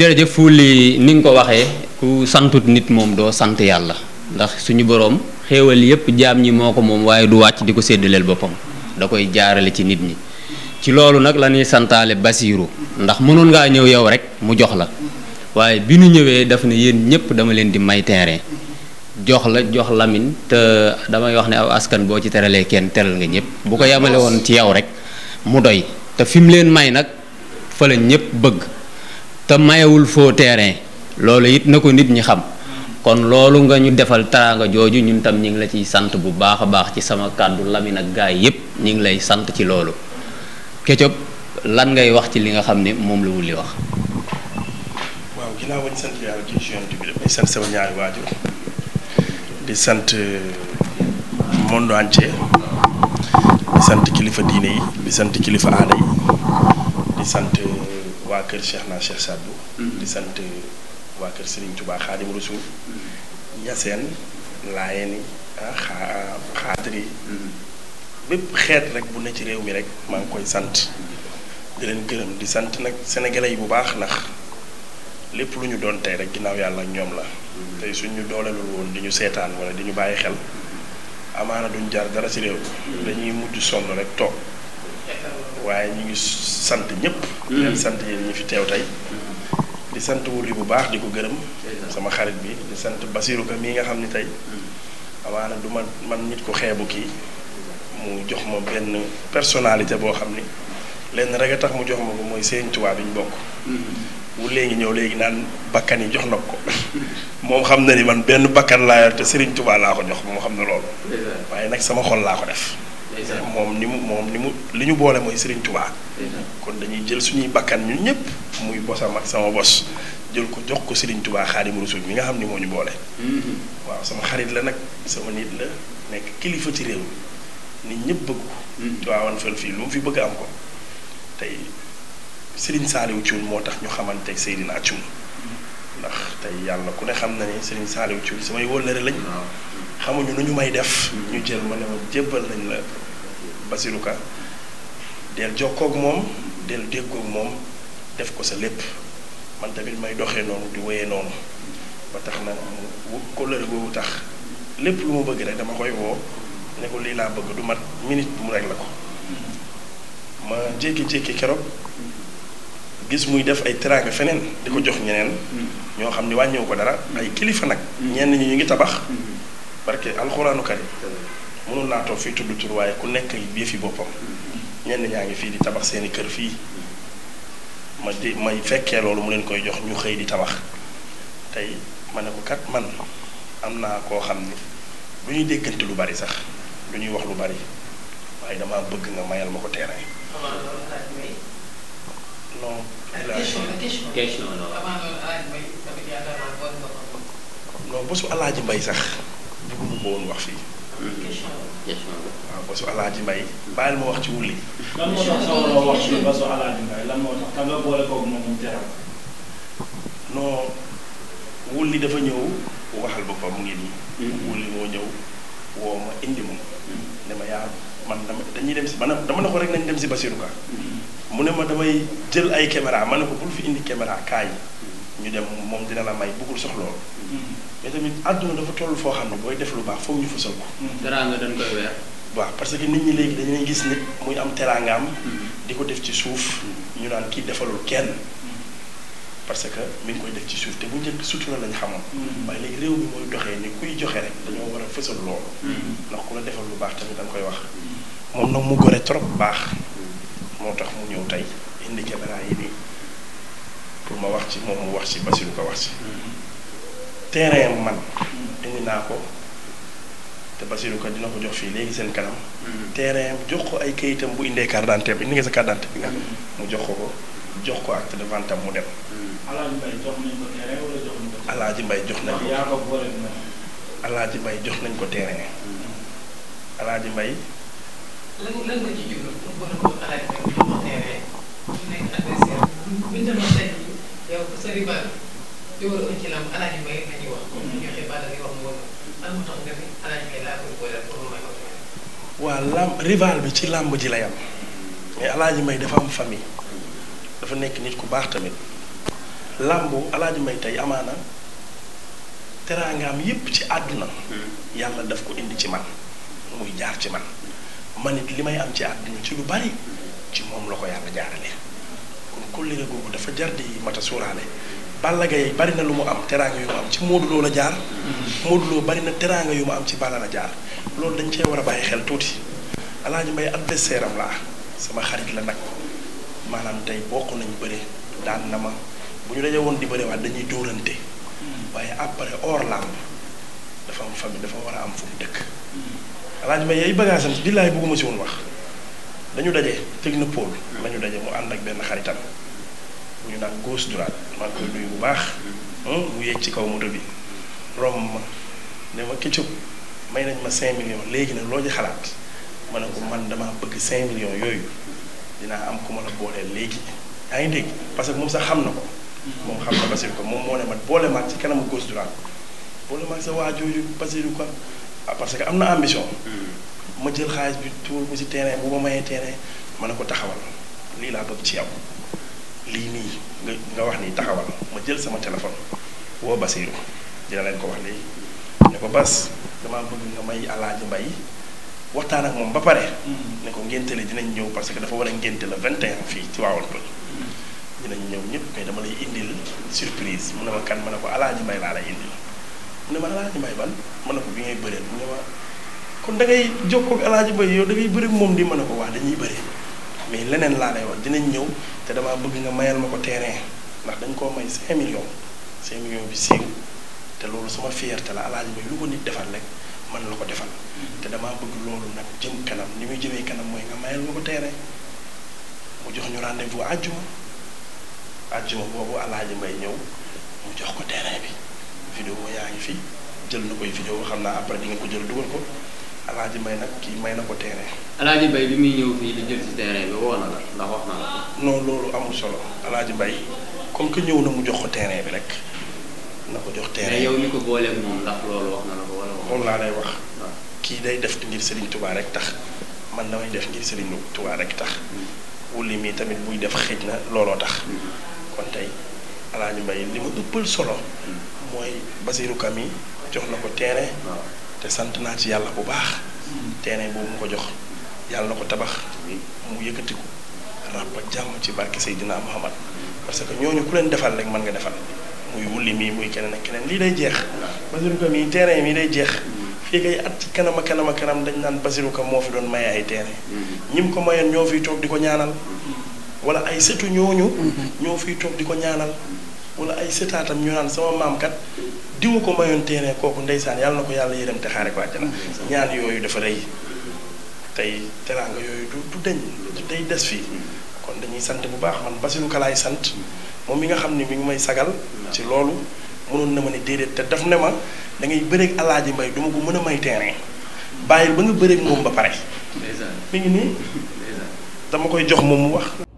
jërëjëf Fouly ni nga ko waxee ku santut nit moom doo sant yàlla ndax suñu boroom xéewal yépp jaam ñi moo ko moom waaye du wàcc di ko séddaleel boppam da koy jaarale ci nit ñi ci loolu nag la santaale Basiiru ndax mënoon ngaa ñëw yow rek mu jox la waaye bi ñu ñëwee daf ne yéen ñëpp dama leen di may terrain jox la jox Lamine te damay wax ne aw askan boo ci teralee kenn teral nga ñëpp bu ko yemale woon ci yow rek mu doy te fi leen may nag fa la ñëpp bëgg. te mayewul foo terrain loolu it na ko nit ñi xam kon loolu nga ñu defal taraanga jooju ñun tam ñu ngi la ciy sant bu baax a baax ci sama kàddu Lamine ak yi yépp ñu ngi lay sant ci loolu Ketchup lan ngay wax ci li nga xam ne moom la wulli wax. waaw ginnaaw bañ di sant euh, monde entier di sant kilifa diine yi di sant kilifa aada yi di sant. Euh, waa kër Cheikh na Cheikh Sadou. Mm-hmm. di sant waa kër Serigne Touba Xaadim Rasul. Ñaseen mm-hmm. Laayeen ni ah, ah mm-hmm. bépp xeet rek bu ne ci réew mi rek maa ngi koy sant. di leen gërëm di sant nag sénégalais yi bu baax nax lépp lu ñu doon tey rek ginnaaw yàlla ñoom la. tey suñ ñu doolelul woon di ñu seetaan wala di ñu bàyyi xel. amaana duñ jaar dara ci réew. dañuy mujj sonn rek toog. waaye ñu ngi sant ñëpp. Mm-hmm. leen sant yi ñu fi teew tey. Mm-hmm. di sant wuli bu baax di ko gërëm. Mm-hmm. sama xarit bi di sant Basiru Ka mii nga xam ni tey. amaana du ma man nit ko xeebu kii mu jox ma benn personnalité boo xam ni lenn rek a tax mu jox ma ko mooy seen tubaab bi ñu bokk. wu léegi ñëw léegi naan bakkan yi jox na ko moom xam na ni man benn bakkan laa yor te Serigne Touba laa ko jox moom xam na loolu. waaye nag sama xol laa ko def. moom ni mu moom ni mu li ñu boole mooy Serigne Touba. kon dañuy jël suñuy bakkan ñun ñëpp muy bosam ak sama bos jël ko jox ko Serigne Touba Xaadimu Rasuul mi nga xam ni moo ñu boole. Mhm. waaw sama xarit la nag sama nit la nekk kilifa ci réew mi nit ñëpp bëgg ko. Mhm. Tiwaawan Fall fii lu mu am ko tey sëriñ Saliou Thioune moo tax ñu xamante Seydina Thioune ndax tey yàlla ku ne xam na ne Serigne Saliou Thioune samay wóllëre lañ. xamuñu nu ñu may def. Mhm. ñu jël ma ne ma jébbal nañ la. Basirou Ka del jokkoog moom del déggoog moom def ko sa lépp man tamit may doxee noonu di woyee noonu ba tax na mu kóllëre googu tax lépp lu mu bëgg rek dama koy woo ne ko lii laa bëgg du mat minute mu rek la ko ma jékki-jékki keroog gis muy def ay teraanga feneen di ko jox ñeneen ñoo xam ne wàññiwu ko dara ay kilifa nag mm-hmm. ñenn ñi ñu ngi tabax parce mm-hmm. alxuraanu karim mënoon naatoo toog fii waaye ku nekk yëfi boppam ñenn ñaa ngi fii di tabax seeni kër fii ma di may fekkee loolu mu leen koy jox ñu xëy di tabax tey ma ne ko kat man am naa koo xam ni lu ñuy déggante lu bari sax lu ñuy wax lu bari waaye damaa bëgg nga mayal ma ko terrain. non. non bésu alaaji mbay sax bëgguma ko woon wax fii. waaw basu alaaji mbay bàyyil ma wax ci wulli lan a wax ci basu alaaji wulli dafa ñëw waxal boppam mu ngi nii hmm. wulli moo ñëw woo ma indi ma hmm. ne ma man dama dañuy dem si maanaam dama ne ko rek nañ dem si Basirou Ka hmm. mu ne ma damay jël ay caméra ma ne ko bul fi indi caméra kaay ñu dem moom dina la may bëggul soxlool te tamit àdduna dafa toll foo xam ne booy def lu baax foog ñu fësal ko. Mm-hmm. teraanga dañ koy weer. waaw parce que nit ñi léegi dañu gis nit muy am teraangaam. Mm-hmm. di ko def ci suuf. Mm-hmm. ñu naan kii defalul kenn. parce que mi ngi def ci suuf te bu njëkk sutura lañ xamoon. waaye léegi réew mi mooy doxee ni kuy joxe rek dañoo war a fësal loolu. ndax ku la defal lu baax tamit da koy wax. moom nag mu gore trop baax. moo tax mu ñëw tey indi caméra yi nii pour ma wax ci moom mu wax ci Basiru ko wax ci. terrain man indi naa ko te Basirou Ka dina ko jox fii léegi seen kanam. Mm-hmm. terrain jox ko ay kayitam bu indee carte d'identité bi indi nga sa carte d'identité bi mm-hmm. mu jox ko ko jox ko acte de vente am mu dem. Mm-hmm. Alaaji Mbaye jox nañ ko terrain wala jox nañ jox nañ ko yaa ko li war a ci lamb bi ci lamb ji lay am mais alaaji mbay dafa am famille dafa nekk nit ku baax tamit lambu alaaji may tey amaana teraangaam yépp ci àdduna. yàlla daf ko indi ci man muy jaar ci man man li may am ci àdduna ci lu bari ci moom la ko yàlla jaarale kon kóllëre googu dafa jar di mata suuraale. Balla yi bari na lu mu am teraanga yu mu am ci Modou Lo la jaar. Mm-hmm. Modou Lo bari na teraanga yu mu am ci Balla la jaar loolu dañ cee war a bàyyi xel tuuti El Hadj Mbaye adversaire laa sama xarit la nag maanaam tey bokk nañu bëre daan na ma bu ñu dajee woon di bëre waat dañuy dóorante mm-hmm. waaye après hors làmb dafa am famille dafa war a am fu mu dëkk. El mm-hmm. Hadj Mbaye yay bagaasam billaay bëgguma ci woon wax dañu daje technopole. lañu daje mu ànd ak benn xaritam. ñu naan gauche droite maa koy nuyu bu baax mu yéeg ci kaw moto bi romb ma ne ma Ketchup may nañ ma cin millions léegi nag loo ci xalaat ma ne ko man damaa bëgg cinq million yooyu dinaa am ku ma la booleel léegi yaa ngi dégg parce que moom sax xam na ko moom xam na Basirou ko moom moo ne ma boole maag ci kanamu gauche droite boole maag sa waa jooju Basirou ko ah, parce que am na ambition hmm. ma jël xaalis bi tuur mu si terrain bu ma mayee terrain ma ne ko taxawal lii laa bëgg ci yow lii nii nga nga wax nii taxawal ma jël sama téléphone woo Basiru dina leen ko wax léegi ne ko Bas damaa bëgg nga may Alaaji Mbay waxtaan ak moom ba pare. Mm. ne ko ngénte la dinañ ñëw parce que dafa war a ngénte la 21 fii ci waawoon pël mm. dinañ ñëw ñëpp mais dama lay indil surprise mu na ma kan ma ne ko Alaaji Mbay laa lay indil mu ne ma Alaaji Mbay ban mën na ko bi ngay bëreel mu ne ma kon da ngay jokkoo ak Alaaji Mbay yow da ngay bëri moom di mën a ko wax dañuy bëri. mais leneen laa lay wax dinañ ñëw te damaa bëgg nga mayal ma ko terrain ndax dañ koo may 5 millions 5 millions bi siiw te loolu sama fierté la alaaji may lu ko nit defal rek man la ko defal te damaa bëgg loolu nag jëm kanam ni muy jëmee kanam mooy nga mayal ma ko terrain mu jox ñu rendez-vous àjjuma àjjuma boobu alaaji may ñëw mu jox ko terrain bi vidéo yaa ngi fi jël na koy vidéo xam naa après di nga ko jël dugal ko Alaaji mbay nag kii may na ko terrain. Alaaji Mbaye bi muy ñëw fii di woo na wax na loolu amul solo Alaaji Mbaye comme que ñëw na mu jox ko terrain bi rek na ko jox terrain. yow mi ko booleeg na la ko wala. moom wax. Ah. kii day ngir Serigne Touba rek tax man damay def ngir Serigne Touba rek tax. Hmm. wulli mii tamit buy def xëj na looloo tax. Hmm. kon tey Alaaji Mbaye li ma ëppal solo. Hmm. mooy Basirou Kami jox na ko terrain. Ah. te sant naa ci yàlla bu baax teenee boobu mu ko jox yàlla na ko tabax mu yëkkatiku ràppa jàmm ci barke Seydina Muhammad parce que ñooñu ku leen defal rek mën nga defal muy wulli mii muy keneen ak keneen lii day jeex Basiru Ka mii terrain mii day jeex fii kay at ci kanam a kanam dañ naan Basiru Ka moo fi doon maye ay teere ñim ko mayoon ñoo fi toog di ko ñaanal wala ay sëtu ñooñu mm-hmm. ñoo fiy toog di ko ñaanal ay sëtaatam ñu naan sama maam kat ma ko mayoon téene kooku ndeysaan yàlla na ko yàlla yërëm te xaare ko àjjana ñaan yooyu dafa rëy tey teraanga yooyu du du deñ day des fii kon dañuy sant bu baax man Basiru Kalaay sant moom mi nga xam ne mi ngi may sagal ci loolu mënoon na ma ne déedéet te daf ne ma da ngay bëreeg alaaji mbay du ma ko mën a may terrain bàyyil ba nga bëreeg moom ba pare mi ngi nii dama koy jox moom mu wax